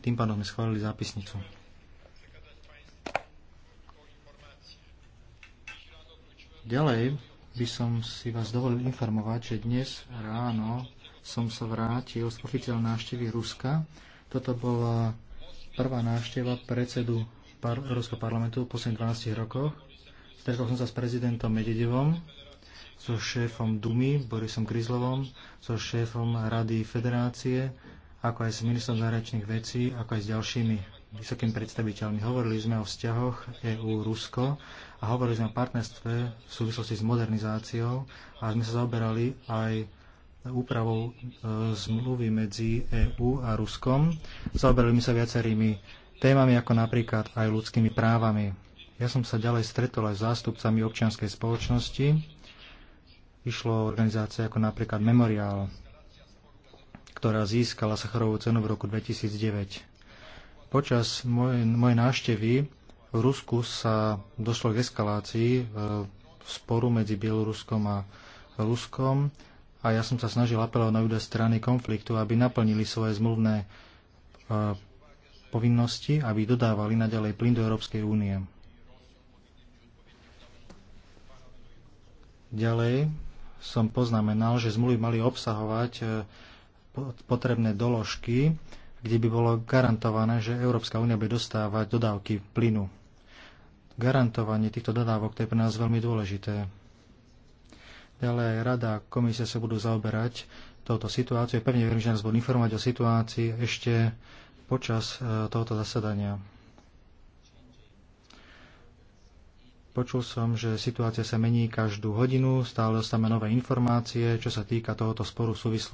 Tým pádom sme schválili zápisnicu. Ďalej by som si vás dovolil informovať, že dnes ráno som sa vrátil z oficiálnej návštevy Ruska. Toto bola prvá návšteva predsedu par- Ruského parlamentu v posledných 12 rokoch. Stretol som sa s prezidentom Medvedevom, so šéfom Dumy Borisom Kryzlovom, so šéfom Rady Federácie ako aj s ministrom zahraničných vecí, ako aj s ďalšími vysokými predstaviteľmi. Hovorili sme o vzťahoch EU-Rusko a hovorili sme o partnerstve v súvislosti s modernizáciou a sme sa zaoberali aj úpravou e, zmluvy medzi EÚ a Ruskom. Zaoberali sme sa viacerými témami, ako napríklad aj ľudskými právami. Ja som sa ďalej stretol aj s zástupcami občianskej spoločnosti. Išlo organizácie ako napríklad Memoriál ktorá získala Sacharovú cenu v roku 2009. Počas mojej, moje návštevy v Rusku sa došlo k eskalácii e, v sporu medzi Bieloruskom a Ruskom a ja som sa snažil apelovať na obidve strany konfliktu, aby naplnili svoje zmluvné e, povinnosti, aby dodávali naďalej plyn do Európskej únie. Ďalej som poznamenal, že zmluvy mali obsahovať e, potrebné doložky, kde by bolo garantované, že Európska únia bude dostávať dodávky plynu. Garantovanie týchto dodávok to je pre nás veľmi dôležité. Ďalej rada a komisia sa budú zaoberať touto situáciou. Pevne verím, že nás budú informovať o situácii ešte počas e, tohoto zasadania. Počul som, že situácia sa mení každú hodinu, stále dostávame nové informácie, čo sa týka tohoto sporu v súvislosti.